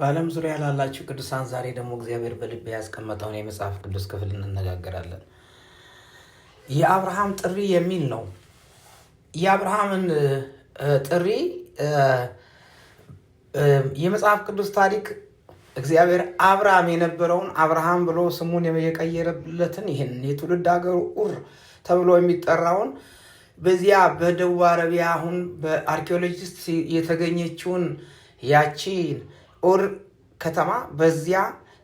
በዓለም ዙሪያ ላላችሁ ቅዱሳን ዛሬ ደግሞ እግዚአብሔር በልብ ያስቀመጠውን የመጽሐፍ ቅዱስ ክፍል እንነጋገራለን። የአብርሃም ጥሪ የሚል ነው። የአብርሃምን ጥሪ የመጽሐፍ ቅዱስ ታሪክ እግዚአብሔር አብርሃም የነበረውን አብርሃም ብሎ ስሙን የቀየረለትን ይህን የትውልድ ሀገሩ ኡር ተብሎ የሚጠራውን በዚያ በደቡብ አረቢያ አሁን በአርኪኦሎጂስት የተገኘችውን ያቺ ኦር ከተማ በዚያ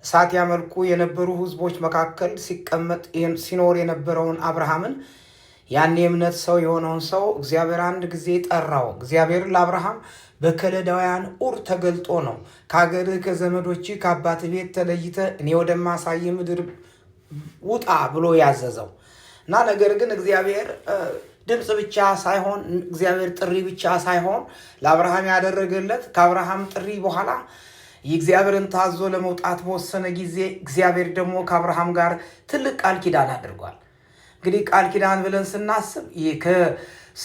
እሳት ያመልኩ የነበሩ ህዝቦች መካከል ሲቀመጥ ሲኖር የነበረውን አብርሃምን ያን የእምነት ሰው የሆነውን ሰው እግዚአብሔር አንድ ጊዜ ጠራው። እግዚአብሔር ለአብርሃም በከለዳውያን ኡር ተገልጦ ነው ከሀገርህ ከዘመዶች ከአባት ቤት ተለይተ እኔ ወደማሳይ ምድር ውጣ ብሎ ያዘዘው እና ነገር ግን እግዚአብሔር ድምፅ ብቻ ሳይሆን እግዚአብሔር ጥሪ ብቻ ሳይሆን ለአብርሃም ያደረገለት ከአብርሃም ጥሪ በኋላ የእግዚአብሔርን ታዞ ለመውጣት በወሰነ ጊዜ እግዚአብሔር ደግሞ ከአብርሃም ጋር ትልቅ ቃል ኪዳን አድርጓል። እንግዲህ ቃል ኪዳን ብለን ስናስብ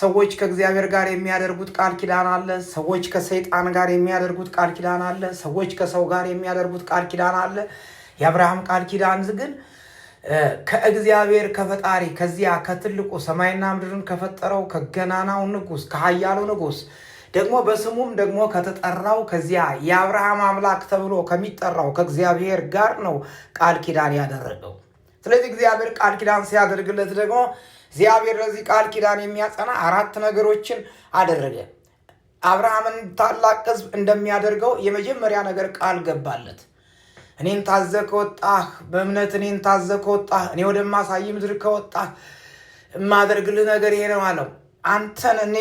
ሰዎች ከእግዚአብሔር ጋር የሚያደርጉት ቃል ኪዳን አለ። ሰዎች ከሰይጣን ጋር የሚያደርጉት ቃል ኪዳን አለ። ሰዎች ከሰው ጋር የሚያደርጉት ቃል ኪዳን አለ። የአብርሃም ቃል ኪዳን ግን ከእግዚአብሔር ከፈጣሪ ከዚያ ከትልቁ ሰማይና ምድርን ከፈጠረው ከገናናው ንጉስ ከሀያሉ ንጉስ ደግሞ በስሙም ደግሞ ከተጠራው ከዚያ የአብርሃም አምላክ ተብሎ ከሚጠራው ከእግዚአብሔር ጋር ነው ቃል ኪዳን ያደረገው። ስለዚህ እግዚአብሔር ቃል ኪዳን ሲያደርግለት ደግሞ እግዚአብሔር ለዚህ ቃል ኪዳን የሚያጸና አራት ነገሮችን አደረገ። አብርሃምን ታላቅ ሕዝብ እንደሚያደርገው የመጀመሪያ ነገር ቃል ገባለት። እኔን ታዘህ ከወጣህ በእምነት እኔን ታዘ ከወጣህ እኔ ወደማሳይ ምድር ከወጣህ የማደርግልህ ነገር ይሄ ነው አለው። አንተን እኔ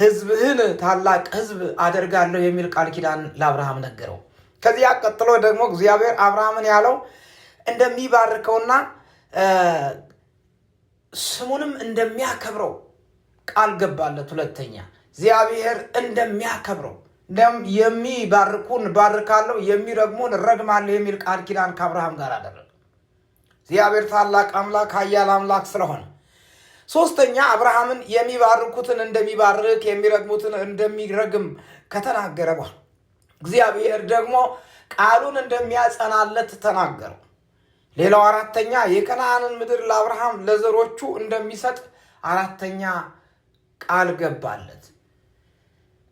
ህዝብህን ታላቅ ህዝብ አደርጋለሁ የሚል ቃል ኪዳን ለአብርሃም ነገረው። ከዚያ ቀጥሎ ደግሞ እግዚአብሔር አብርሃምን ያለው እንደሚባርከውና ስሙንም እንደሚያከብረው ቃል ገባለት። ሁለተኛ እግዚአብሔር እንደሚያከብረው የሚባርኩን ባርካለሁ፣ የሚረግሙን ረግማለሁ የሚል ቃል ኪዳን ከአብርሃም ጋር አደረገ። እግዚአብሔር ታላቅ አምላክ ኃያል አምላክ ስለሆነ ሶስተኛ አብርሃምን የሚባርኩትን እንደሚባርክ የሚረግሙትን እንደሚረግም ከተናገረ በኋላ እግዚአብሔር ደግሞ ቃሉን እንደሚያጸናለት ተናገረው። ሌላው አራተኛ የከነዓንን ምድር ለአብርሃም ለዘሮቹ እንደሚሰጥ አራተኛ ቃል ገባለት።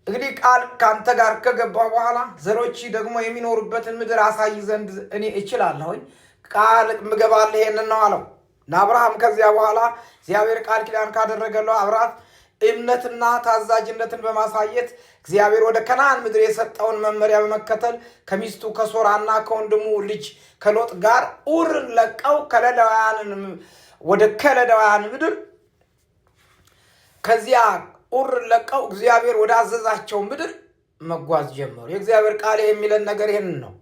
እንግዲህ ቃል ከአንተ ጋር ከገባ በኋላ ዘሮች ደግሞ የሚኖሩበትን ምድር አሳይ ዘንድ እኔ እችላለሁኝ ቃል ምገባለህ ይሄንን ነው አለው። ለአብርሃም ከዚያ በኋላ እግዚአብሔር ቃል ኪዳን ካደረገለው አብራት እምነትና ታዛዥነትን በማሳየት እግዚአብሔር ወደ ከነአን ምድር የሰጠውን መመሪያ በመከተል ከሚስቱ ከሶራና ከወንድሙ ልጅ ከሎጥ ጋር ኡርን ለቀው ከለዳውያን ወደ ከለዳውያን ምድር ከዚያ ኡርን ለቀው እግዚአብሔር ወደ አዘዛቸው ምድር መጓዝ ጀመሩ። የእግዚአብሔር ቃል የሚለን ነገር ይህንን ነው።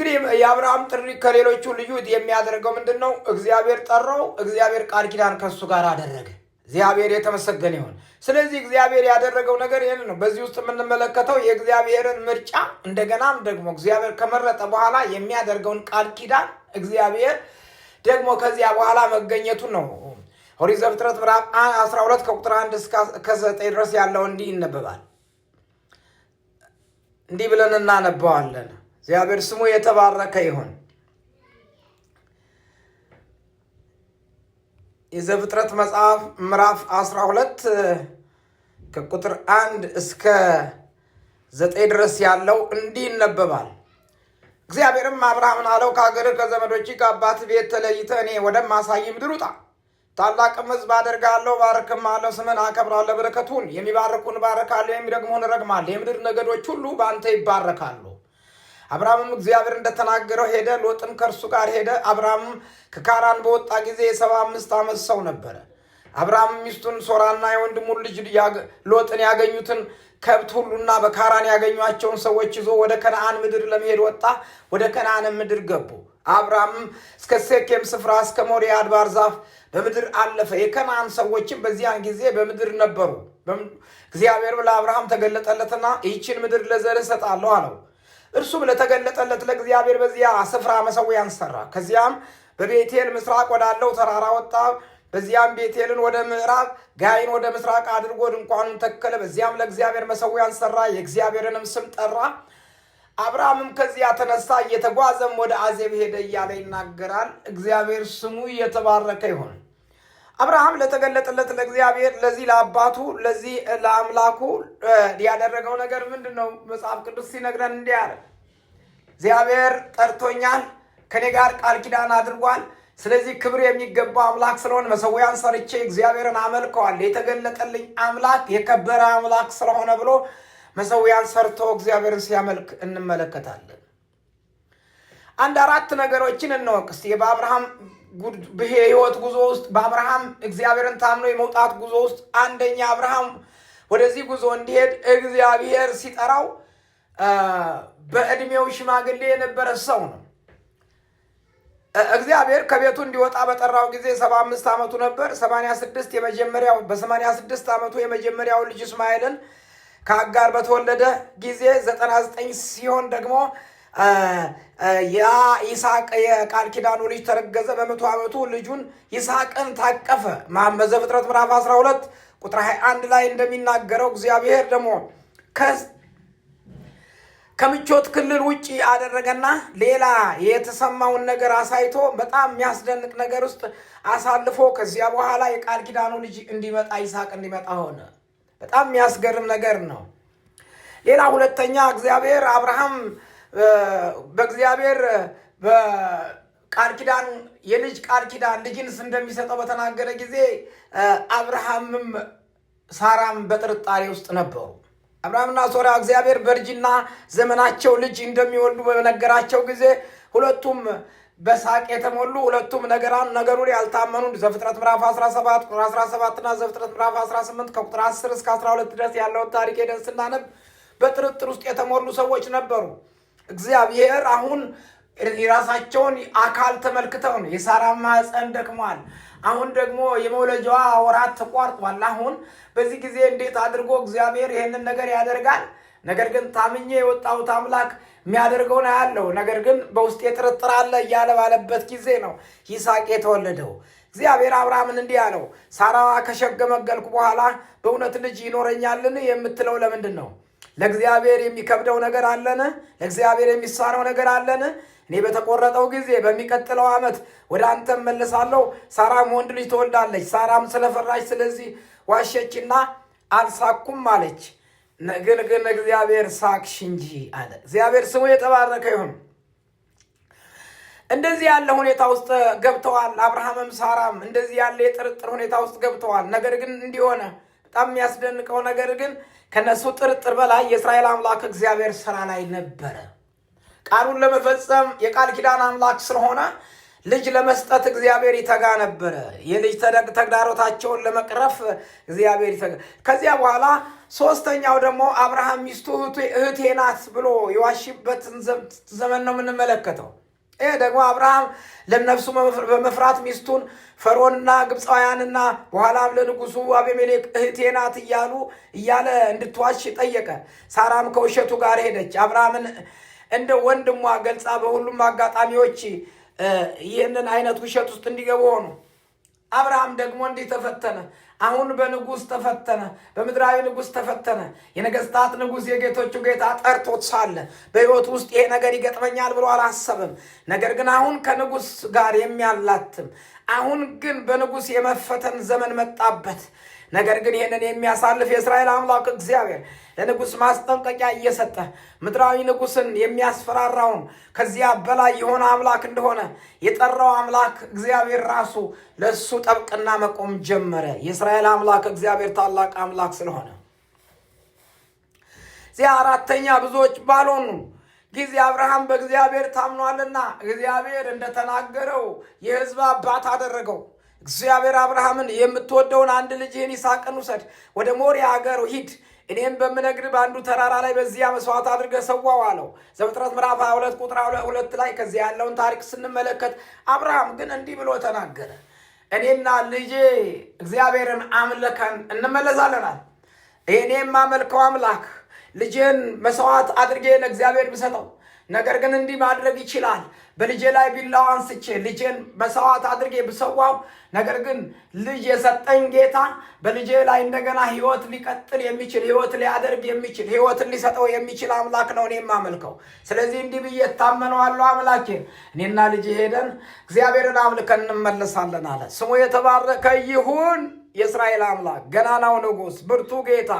እንግዲህ የአብርሃም ጥሪ ከሌሎቹ ልዩ የሚያደርገው ምንድን ነው? እግዚአብሔር ጠራው። እግዚአብሔር ቃል ኪዳን ከእሱ ጋር አደረገ። እግዚአብሔር የተመሰገነ ይሆን። ስለዚህ እግዚአብሔር ያደረገው ነገር ይህን ነው። በዚህ ውስጥ የምንመለከተው የእግዚአብሔርን ምርጫ፣ እንደገናም ደግሞ እግዚአብሔር ከመረጠ በኋላ የሚያደርገውን ቃል ኪዳን እግዚአብሔር ደግሞ ከዚያ በኋላ መገኘቱን ነው። ኦሪት ዘፍጥረት ምዕራፍ 12 ከቁጥር 1 እስከ 9 ድረስ ያለው እንዲህ ይነበባል። እንዲህ ብለን እናነበዋለን እግዚአብሔር ስሙ የተባረከ ይሁን። የዘፍጥረት መጽሐፍ ምዕራፍ 12 ከቁጥር 1 እስከ ዘጠኝ ድረስ ያለው እንዲህ ይነበባል። እግዚአብሔርም አብርሃምን አለው ከአገር ከዘመዶች ከአባት ቤት ተለይተ እኔ ወደማሳይ ምድር ውጣ፣ ታላቅም ሕዝብ አደርግሃለሁ፣ ባርክምሃለሁ፣ ስምን አከብራለሁ። በረከቱን የሚባርኩን ባርካለሁ የሚረግሙህን እረግማለሁ። የምድር ነገዶች ሁሉ በአንተ ይባረካሉ። አብርሃምም እግዚአብሔር እንደተናገረው ሄደ። ሎጥም ከእርሱ ጋር ሄደ። አብርሃምም ከካራን በወጣ ጊዜ የሰባ አምስት ዓመት ሰው ነበረ። አብርሃም ሚስቱን ሶራና የወንድሙን ልጅ ሎጥን ያገኙትን ከብት ሁሉና በካራን ያገኟቸውን ሰዎች ይዞ ወደ ከነአን ምድር ለመሄድ ወጣ። ወደ ከነአን ምድር ገቡ። አብርሃም እስከ ሴኬም ስፍራ እስከ ሞሪያ አድባር ዛፍ በምድር አለፈ። የከነአን ሰዎችም በዚያን ጊዜ በምድር ነበሩ። እግዚአብሔር ለአብርሃም ተገለጠለትና ይህችን ምድር ለዘር እሰጣለሁ አለው። እርሱም ለተገለጠለት ለእግዚአብሔር በዚያ ስፍራ መሰዊያን ሰራ። ከዚያም በቤቴል ምስራቅ ወዳለው ተራራ ወጣ። በዚያም ቤቴልን ወደ ምዕራብ ጋይን ወደ ምስራቅ አድርጎ ድንኳኑን ተከለ። በዚያም ለእግዚአብሔር መሰዊያን ሰራ፣ የእግዚአብሔርንም ስም ጠራ። አብርሃምም ከዚያ ተነሳ፣ እየተጓዘም ወደ አዜብ ሄደ እያለ ይናገራል። እግዚአብሔር ስሙ እየተባረከ ይሆን። አብርሃም ለተገለጠለት ለእግዚአብሔር ለዚህ ለአባቱ ለዚህ ለአምላኩ ያደረገው ነገር ምንድን ነው? መጽሐፍ ቅዱስ ሲነግረን እንዲህ አለ፣ እግዚአብሔር ጠርቶኛል፣ ከኔ ጋር ቃል ኪዳን አድርጓል። ስለዚህ ክብር የሚገባው አምላክ ስለሆነ መሰዊያን ሰርቼ እግዚአብሔርን አመልከዋል። የተገለጠልኝ አምላክ የከበረ አምላክ ስለሆነ ብሎ መሰዊያን ሰርቶ እግዚአብሔርን ሲያመልክ እንመለከታለን። አንድ አራት ነገሮችን እንወቅ በአብርሃም ህይወት ጉዞ ውስጥ በአብርሃም እግዚአብሔርን ታምኖ የመውጣት ጉዞ ውስጥ አንደኛ አብርሃም ወደዚህ ጉዞ እንዲሄድ እግዚአብሔር ሲጠራው በእድሜው ሽማግሌ የነበረ ሰው ነው። እግዚአብሔር ከቤቱ እንዲወጣ በጠራው ጊዜ ሰባ አምስት ዓመቱ ነበር። ሰማንያ ስድስት የመጀመሪያው በሰማንያ ስድስት ዓመቱ የመጀመሪያው ልጅ እስማኤልን ከአጋር በተወለደ ጊዜ ዘጠና ዘጠኝ ሲሆን ደግሞ ያ ይስሐቅ የቃል ኪዳኑ ልጅ ተረገዘ። በመቶ ዓመቱ ልጁን ይስሐቅን ታቀፈ። ፍጥረት ምዕራፍ 12 ቁጥር 21 ላይ እንደሚናገረው እግዚአብሔር ደግሞ ከምቾት ክልል ውጭ አደረገና ሌላ የተሰማውን ነገር አሳይቶ በጣም የሚያስደንቅ ነገር ውስጥ አሳልፎ ከዚያ በኋላ የቃል ኪዳኑ ልጅ እንዲመጣ ይስሐቅ እንዲመጣ ሆነ። በጣም የሚያስገርም ነገር ነው። ሌላ ሁለተኛ እግዚአብሔር አብርሃም በእግዚአብሔር በቃል ኪዳን የልጅ ቃል ኪዳን ልጅንስ እንደሚሰጠው በተናገረ ጊዜ አብርሃምም ሳራም በጥርጣሬ ውስጥ ነበሩ። አብርሃምና ሶራ እግዚአብሔር በእርጅና ዘመናቸው ልጅ እንደሚወልዱ በነገራቸው ጊዜ ሁለቱም በሳቅ የተሞሉ ሁለቱም ነገራን ነገሩን ያልታመኑ ዘፍጥረት ምዕራፍ 17 ቁጥር 17 እና ዘፍጥረት ምዕራፍ 18 ከቁጥር 10 እስከ 12 ድረስ ያለውን ታሪክ ሄደን ስናነብ በጥርጥር ውስጥ የተሞሉ ሰዎች ነበሩ። እግዚአብሔር አሁን የራሳቸውን አካል ተመልክተው ነው። የሳራ ማህፀን ደክሟል። አሁን ደግሞ የመውለጃዋ ወራት ተቋርጧል። አሁን በዚህ ጊዜ እንዴት አድርጎ እግዚአብሔር ይህንን ነገር ያደርጋል? ነገር ግን ታምኜ የወጣሁት አምላክ ነው ያለው። ነገር ግን በውስጤ ጥርጥር አለ እያለ ባለበት ጊዜ ነው ይስሐቅ የተወለደው። እግዚአብሔር አብርሃምን እንዲህ አለው፣ ሳራ ከሸገመገልኩ በኋላ በእውነት ልጅ ይኖረኛልን የምትለው ለምንድን ነው? ለእግዚአብሔር የሚከብደው ነገር አለን? ለእግዚአብሔር የሚሳነው ነገር አለን? እኔ በተቆረጠው ጊዜ በሚቀጥለው ዓመት ወደ አንተ መለሳለሁ። ሳራም ወንድ ልጅ ትወልዳለች። ሳራም ስለፈራች ስለዚህ ዋሸችና አልሳኩም አለች። ግን ግን እግዚአብሔር ሳክሽ እንጂ አለ። እግዚአብሔር ስሙ የተባረከ ይሁን። እንደዚህ ያለ ሁኔታ ውስጥ ገብተዋል። አብርሃምም ሳራም እንደዚህ ያለ የጥርጥር ሁኔታ ውስጥ ገብተዋል። ነገር ግን እንዲሆነ በጣም የሚያስደንቀው ነገር ግን ከነሱ ጥርጥር በላይ የእስራኤል አምላክ እግዚአብሔር ስራ ላይ ነበረ። ቃሉን ለመፈጸም የቃል ኪዳን አምላክ ስለሆነ ልጅ ለመስጠት እግዚአብሔር ይተጋ ነበረ። የልጅ ተግዳሮታቸውን ለመቅረፍ እግዚአብሔር ይተጋ። ከዚያ በኋላ ሶስተኛው ደግሞ አብርሃም ሚስቱ እህቴ ናት ብሎ የዋሽበትን ዘመን ነው የምንመለከተው። ይህ ደግሞ አብርሃም ለነፍሱ በመፍራት ሚስቱን ፈርዖንና ግብፃውያንና በኋላም ለንጉሱ አቤሜሌክ እህቴ ናት እያሉ እያለ እንድትዋሽ ጠየቀ። ሳራም ከውሸቱ ጋር ሄደች። አብርሃምን እንደ ወንድሟ ገልጻ በሁሉም አጋጣሚዎች ይህንን አይነት ውሸት ውስጥ እንዲገቡ ሆኑ። አብርሃም ደግሞ እንዲህ ተፈተነ። አሁን በንጉሥ ተፈተነ፣ በምድራዊ ንጉሥ ተፈተነ። የነገስታት ንጉሥ የጌቶቹ ጌታ ጠርቶት ሳለ በሕይወት ውስጥ ይሄ ነገር ይገጥመኛል ብሎ አላሰበም። ነገር ግን አሁን ከንጉሥ ጋር የሚያላትም አሁን ግን በንጉሥ የመፈተን ዘመን መጣበት። ነገር ግን ይህንን የሚያሳልፍ የእስራኤል አምላክ እግዚአብሔር ለንጉሥ ማስጠንቀቂያ እየሰጠ ምድራዊ ንጉሥን የሚያስፈራራውን ከዚያ በላይ የሆነ አምላክ እንደሆነ የጠራው አምላክ እግዚአብሔር ራሱ ለእሱ ጠብቅና መቆም ጀመረ። የእስራኤል አምላክ እግዚአብሔር ታላቅ አምላክ ስለሆነ እዚያ አራተኛ ብዙዎች ባልሆኑ ጊዜ አብርሃም በእግዚአብሔር ታምኗልና እግዚአብሔር እንደተናገረው የሕዝብ አባት አደረገው። እግዚአብሔር አብርሃምን የምትወደውን አንድ ልጅህን ይስሐቅን ውሰድ፣ ወደ ሞሪያ አገር ሂድ እኔም በምነግር በአንዱ ተራራ ላይ በዚያ መስዋዕት አድርገህ ሰዋው አለው። ዘፍጥረት ምዕራፍ 22 ቁጥር ሁለት ላይ ከዚያ ያለውን ታሪክ ስንመለከት አብርሃም ግን እንዲህ ብሎ ተናገረ። እኔና ልጄ እግዚአብሔርን አምልከን እንመለሳለናል። እኔም አመልከው አምላክ ልጄን መስዋዕት አድርጌ ለእግዚአብሔር ብሰጠው ነገር ግን እንዲህ ማድረግ ይችላል። በልጄ ላይ ቢላው አንስቼ ልጄን መስዋዕት አድርጌ ብሰዋው፣ ነገር ግን ልጅ የሰጠኝ ጌታ በልጄ ላይ እንደገና ህይወት ሊቀጥል የሚችል ህይወት ሊያደርግ የሚችል ሕይወትን ሊሰጠው የሚችል አምላክ ነው እኔ የማመልከው። ስለዚህ እንዲህ ብዬ እታመነዋለሁ አምላኬ፣ እኔና ልጅ ሄደን እግዚአብሔርን አምልከን እንመለሳለን አለ። ስሙ የተባረከ ይሁን የእስራኤል አምላክ ገናናው ንጉስ፣ ብርቱ ጌታ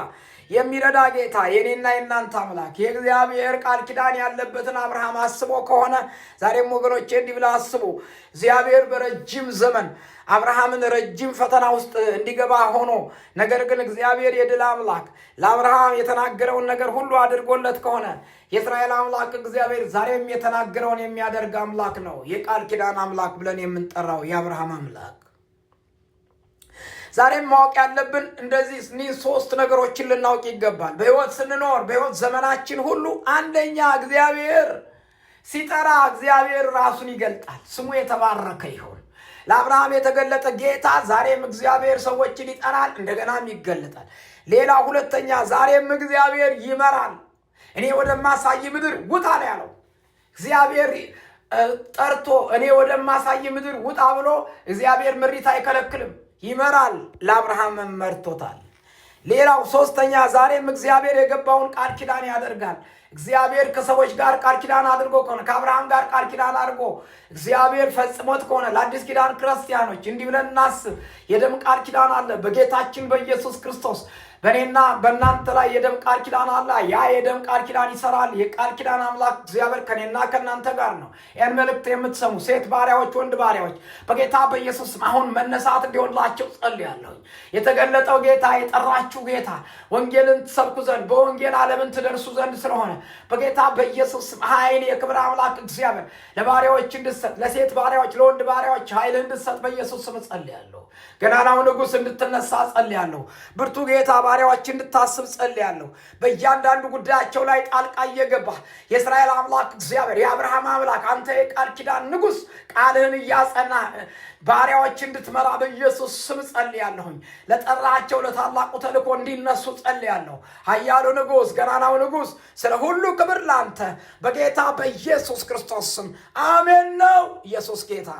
የሚረዳ ጌታ የኔና የእናንተ አምላክ የእግዚአብሔር ቃል ኪዳን ያለበትን አብርሃም አስቦ ከሆነ ዛሬም ወገኖቼ እንዲህ ብለ አስቡ። እግዚአብሔር በረጅም ዘመን አብርሃምን ረጅም ፈተና ውስጥ እንዲገባ ሆኖ ነገር ግን እግዚአብሔር የድል አምላክ ለአብርሃም የተናገረውን ነገር ሁሉ አድርጎለት ከሆነ የእስራኤል አምላክ እግዚአብሔር ዛሬም የተናገረውን የሚያደርግ አምላክ ነው። የቃል ኪዳን አምላክ ብለን የምንጠራው የአብርሃም አምላክ ዛሬም ማወቅ ያለብን እንደዚህ እኒ ሶስት ነገሮችን ልናውቅ ይገባል። በህይወት ስንኖር በህይወት ዘመናችን ሁሉ አንደኛ እግዚአብሔር ሲጠራ እግዚአብሔር ራሱን ይገልጣል። ስሙ የተባረከ ይሆን። ለአብርሃም የተገለጠ ጌታ ዛሬም እግዚአብሔር ሰዎችን ይጠራል፣ እንደገናም ይገለጣል። ሌላ ሁለተኛ፣ ዛሬም እግዚአብሔር ይመራል። እኔ ወደማሳይ ምድር ውጣ ነው ያለው እግዚአብሔር ጠርቶ እኔ ወደማሳይ ምድር ውጣ ብሎ እግዚአብሔር ምሪት አይከለክልም። ይመራል፣ ለአብርሃምም መርቶታል። ሌላው ሶስተኛ፣ ዛሬም እግዚአብሔር የገባውን ቃል ኪዳን ያደርጋል። እግዚአብሔር ከሰዎች ጋር ቃል ኪዳን አድርጎ ከሆነ ከአብርሃም ጋር ቃል ኪዳን አድርጎ እግዚአብሔር ፈጽሞት ከሆነ ለአዲስ ኪዳን ክርስቲያኖች እንዲህ ብለን እናስብ። የደም ቃል ኪዳን አለ በጌታችን በኢየሱስ ክርስቶስ በእኔና በእናንተ ላይ የደም ቃል ኪዳን አለ። ያ የደም ቃል ኪዳን ይሰራል። የቃል ኪዳን አምላክ እግዚአብሔር ከእኔና ከእናንተ ጋር ነው። ይህን መልእክት የምትሰሙ ሴት ባሪያዎች፣ ወንድ ባሪያዎች በጌታ በኢየሱስ አሁን መነሳት እንዲሆንላቸው ጸልያለሁኝ። የተገለጠው ጌታ የጠራችሁ ጌታ ወንጌልን ትሰብኩ ዘንድ በወንጌል ዓለምን ትደርሱ ዘንድ ስለሆነ በጌታ በኢየሱስ ኃይል የክብር አምላክ እግዚአብሔር ለባሪያዎች እንድሰጥ ለሴት ባሪያዎች ለወንድ ባሪያዎች ኃይል እንድሰጥ በኢየሱስ ስም ጸልያለሁ። ገናናው ንጉሥ እንድትነሳ ጸልያለሁ። ብርቱ ጌታ ባሪያዎች እንድታስብ ጸልያለሁ። በእያንዳንዱ ጉዳያቸው ላይ ጣልቃ እየገባህ የእስራኤል አምላክ እግዚአብሔር የአብርሃም አምላክ አንተ የቃል ኪዳን ንጉሥ ቃልህን እያጸና ባሪያዎች እንድትመራ በኢየሱስ ስም ጸልያለሁኝ። ለጠራቸው ለታላቁ ተልእኮ እንዲነሱ ጸልያለሁ። ኃያሉ ንጉሥ፣ ገናናው ንጉሥ፣ ስለ ሁሉ ክብር ላንተ በጌታ በኢየሱስ ክርስቶስ ስም አሜን። ነው ኢየሱስ ጌታ